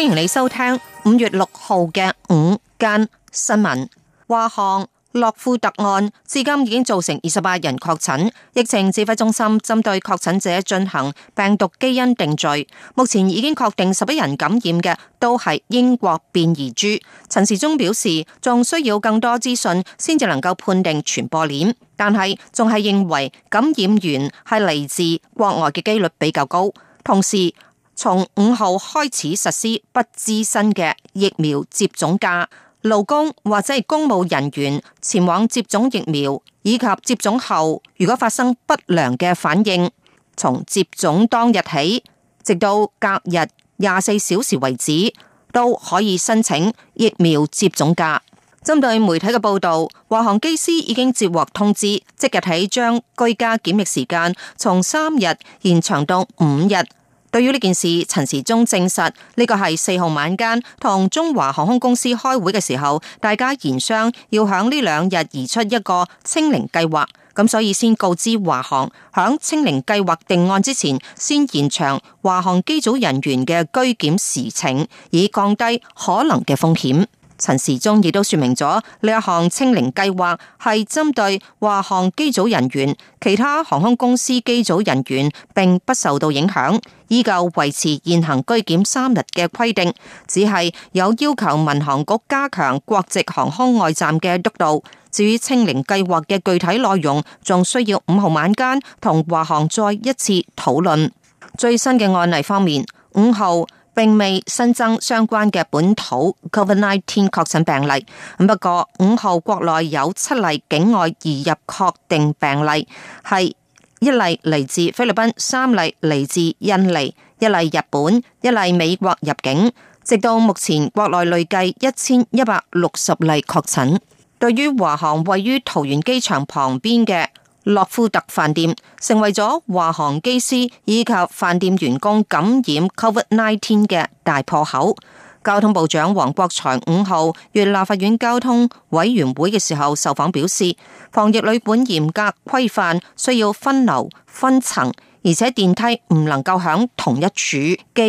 歡迎你收聽五月六號嘅午間新聞。華航諾富特案至今已經造成二十八人確診，疫情指揮中心針對確診者進行病毒基因定序。目前已經確定十一人感染嘅都係英國變異株。陳時中表示，仲需要更多資訊先至能夠判定傳播鏈，但係仲係認為感染源係嚟自國外嘅機率比較高。同時，從五號開始實施不支薪嘅疫苗接種假，勞工或者係公務人員前往接種疫苗，以及接種後如果發生不良嘅反應，從接種當日起直到隔日廿四小時為止，都可以申請疫苗接種假。針對媒體嘅報道，華航機師已經接獲通知，即日起將居家檢疫時間從三日延長到五日。對於呢件事，陳時中證實呢個係四號晚間同中華航空公司開會嘅時候，大家言商要響呢兩日移出一個清零計劃，咁所以先告知華航。響清零計劃定案之前，先延長華航機組人員嘅居檢時程，以降低可能嘅風險。陳時中亦都說明咗呢一項清零計劃係針對華航機組人員，其他航空公司機組人員並不受到影響，依舊維持現行居檢三日嘅規定，只係有要求民航局加強國籍航空外站嘅督導。至於清零計劃嘅具體內容，仲需要五號晚間同華航再一次討論。最新嘅案例方面，五號。並未新增相關嘅本土 COVID-19 確診病例，咁不過五號國內有七例境外移入確定病例，係一例嚟自菲律賓，三例嚟自印尼，一例日本，一例美國入境。直到目前國內累計一千一百六十例確診。對於華航位於桃園機場旁邊嘅。洛夫特飯店成為咗華航機師以及飯店員工感染 Covid-19 嘅大破口。交通部長王國材五號月立法院交通委員會嘅時候受訪表示，防疫旅館嚴格規範，需要分流分層，而且電梯唔能夠響同一處。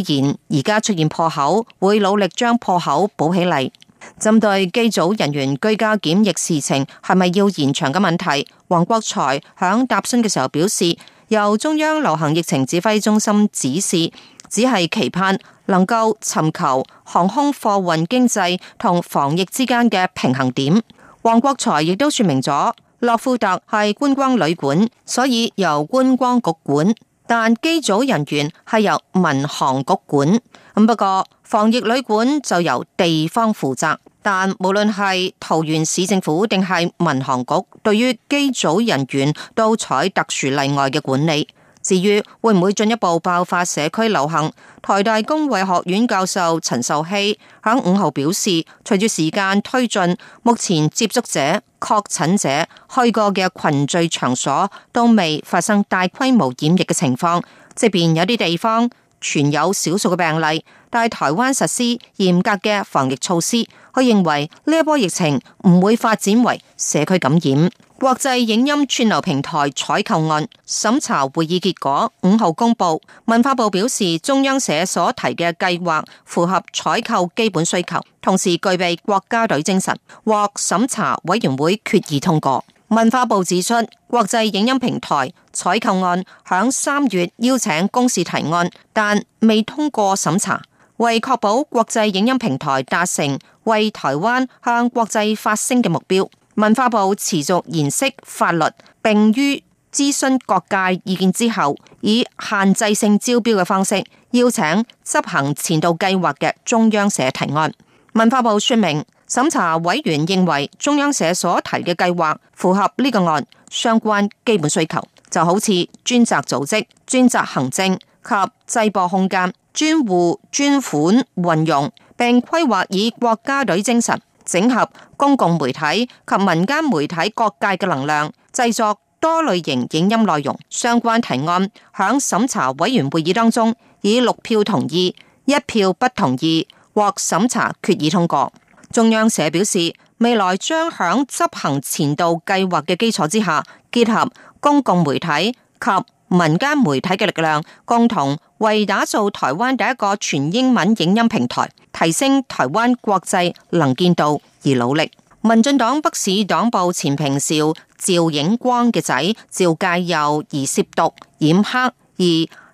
既然而家出現破口，會努力將破口補起嚟。針對機組人員居家檢疫事情係咪要延長嘅問題，王國材響答詢嘅時候表示，由中央流行疫情指揮中心指示，只係期盼能夠尋求航空貨運經濟同防疫之間嘅平衡點。王國材亦都說明咗，諾富特係觀光旅館，所以由觀光局管。但機組人員係由民航局管，不過防疫旅館就由地方負責。但無論係桃園市政府定係民航局，對於機組人員都採特殊例外嘅管理。至於會唔會進一步爆發社區流行？台大公衛學院教授陳秀希響五號表示，隨住時間推進，目前接觸者、確診者去過嘅群聚場所都未發生大規模染疫嘅情況，即便有啲地方，存有少數嘅病例，但係台灣實施嚴格嘅防疫措施，佢認為呢一波疫情唔會發展為社區感染。國際影音串流平台採購案審查會議結果五號公布，文化部表示中央社所提嘅計劃符合採購基本需求，同時具備國家隊精神，獲審查委員會決議通過。文化部指出，國際影音平台採購案響三月邀請公視提案，但未通過審查。為確保國際影音平台達成為台灣向國際發聲嘅目標，文化部持續研析法律，並於諮詢各界意見之後，以限制性招標嘅方式邀請執行前導計劃嘅中央社提案。文化部說明。審查委員認為中央社所提嘅計劃符合呢個案相關基本需求，就好似專責組織、專責行政及製播空間、專戶專款運用，並規劃以國家隊精神整合公共媒體及民間媒體各界嘅能量，製作多類型影音內容。相關提案響審查委員會議當中，以六票同意、一票不同意獲審查決議通過。中央社表示，未來將響執行前度計劃嘅基礎之下，結合公共媒體及民間媒體嘅力量，共同為打造台灣第一個全英文影音平台，提升台灣國際能見度而努力。民進黨北市黨部前評少趙映光嘅仔趙介佑，而涉毒、染黑，而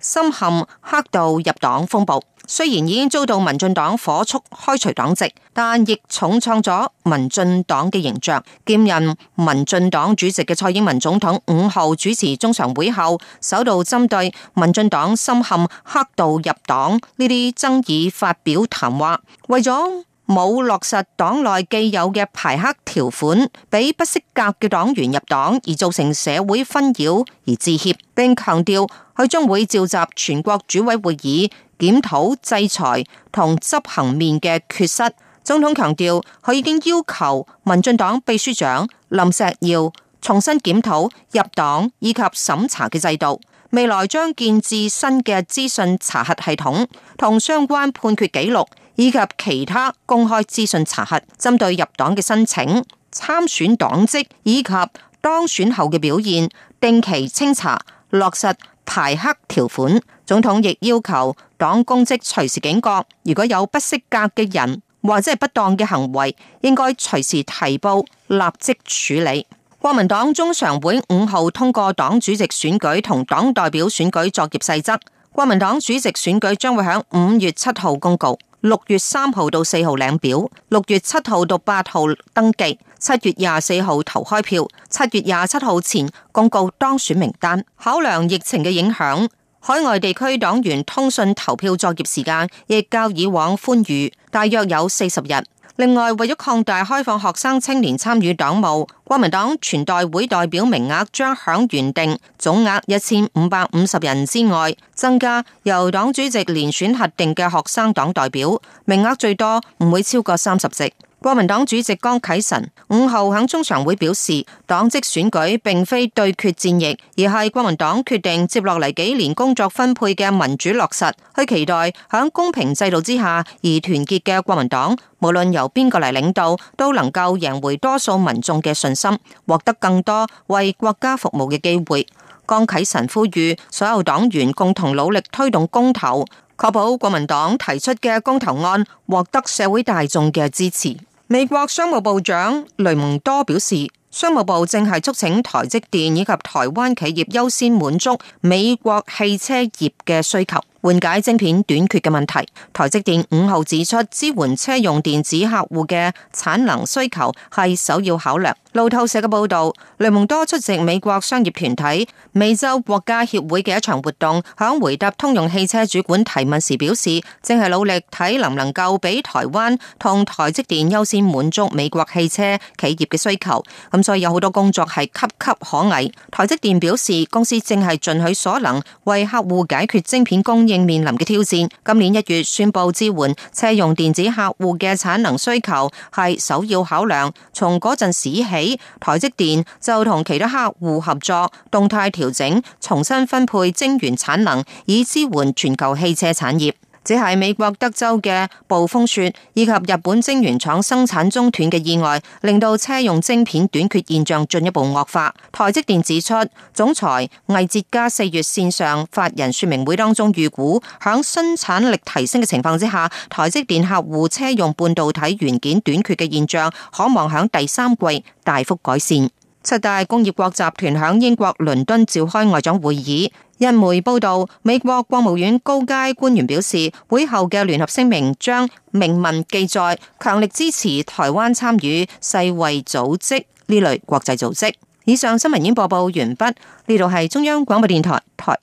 深陷黑道入黨風暴。雖然已經遭到民進黨火速開除黨籍，但亦重創咗民進黨嘅形象。兼任民進黨主席嘅蔡英文總統五號主持中常會後，首度針對民進黨深陷黑道入黨呢啲爭議發表談話，為咗冇落實黨內既有嘅排黑條款，俾不適格嘅黨員入黨而造成社會紛擾，而致歉，並強調。佢將會召集全國主委會議檢討，檢討制裁同執行面嘅缺失。總統強調，佢已經要求民進黨秘書長林錫耀重新檢討入黨以及審查嘅制度，未來將建置新嘅資訊查核系統，同相關判決記錄以及其他公開資訊查核，針對入黨嘅申請、參選黨職以及當選後嘅表現，定期清查落實。排黑條款，總統亦要求黨公職隨時警覺，如果有不適格嘅人或者係不當嘅行為，應該隨時提報立即處理。國民黨中常會五號通過黨主席選舉同黨代表選舉作業細則，國民黨主席選舉將會喺五月七號公告。六月三號到四號領表，六月七號到八號登記，七月廿四號投開票，七月廿七號前公告當選名單。考量疫情嘅影響，海外地區黨員通訊投票作業時間亦較以往寬裕，大約有四十日。另外，為咗擴大開放學生青年參與黨務，國民黨全代會代表名額將響原定總額一千五百五十人之外，增加由黨主席連選核定嘅學生黨代表，名額最多唔會超過三十席。國民黨主席江啟臣五號喺中常會表示，黨籍選舉並非對決戰役，而係國民黨決定接落嚟幾年工作分配嘅民主落實。去期待喺公平制度之下而團結嘅國民黨，無論由邊個嚟領導，都能夠贏回多數民眾嘅信心，獲得更多為國家服務嘅機會。江啟臣呼籲所有黨員共同努力推動公投，確保國民黨提出嘅公投案獲得社會大眾嘅支持。美國商務部長雷蒙多表示，商務部正係促請台積電以及台灣企業優先滿足美國汽車業嘅需求。緩解晶片短缺嘅問題，台積電五號指出，支援車用電子客戶嘅產能需求係首要考量。路透社嘅報道，雷蒙多出席美國商業團體美洲國家協會嘅一場活動，響回答通用汽車主管提問時表示，正係努力睇能唔能夠俾台灣同台積電優先滿足美國汽車企業嘅需求。咁所以有好多工作係岌岌可危。台積電表示，公司正係盡佢所能為客戶解決晶片供。應面臨嘅挑戰，今年一月宣布支援車用電子客戶嘅產能需求係首要考量。從嗰陣時起，台積電就同其他客戶合作，動態調整，重新分配晶圓產能，以支援全球汽車產業。只係美國德州嘅暴風雪，以及日本晶圓廠生產中斷嘅意外，令到車用晶片短缺現象進一步惡化。台積電指出，總裁魏哲家四月線上法人說明會當中預估，喺生產力提升嘅情況之下，台積電客戶車用半導體元件短缺嘅現象，可望喺第三季大幅改善。七大工業國集團響英國倫敦召開外長會議。印媒報道，美國國務院高階官員表示，會後嘅聯合聲明將明文記載，強力支持台灣參與世衛組織呢類國際組織。以上新聞已經播報完畢，呢度係中央廣播電台台。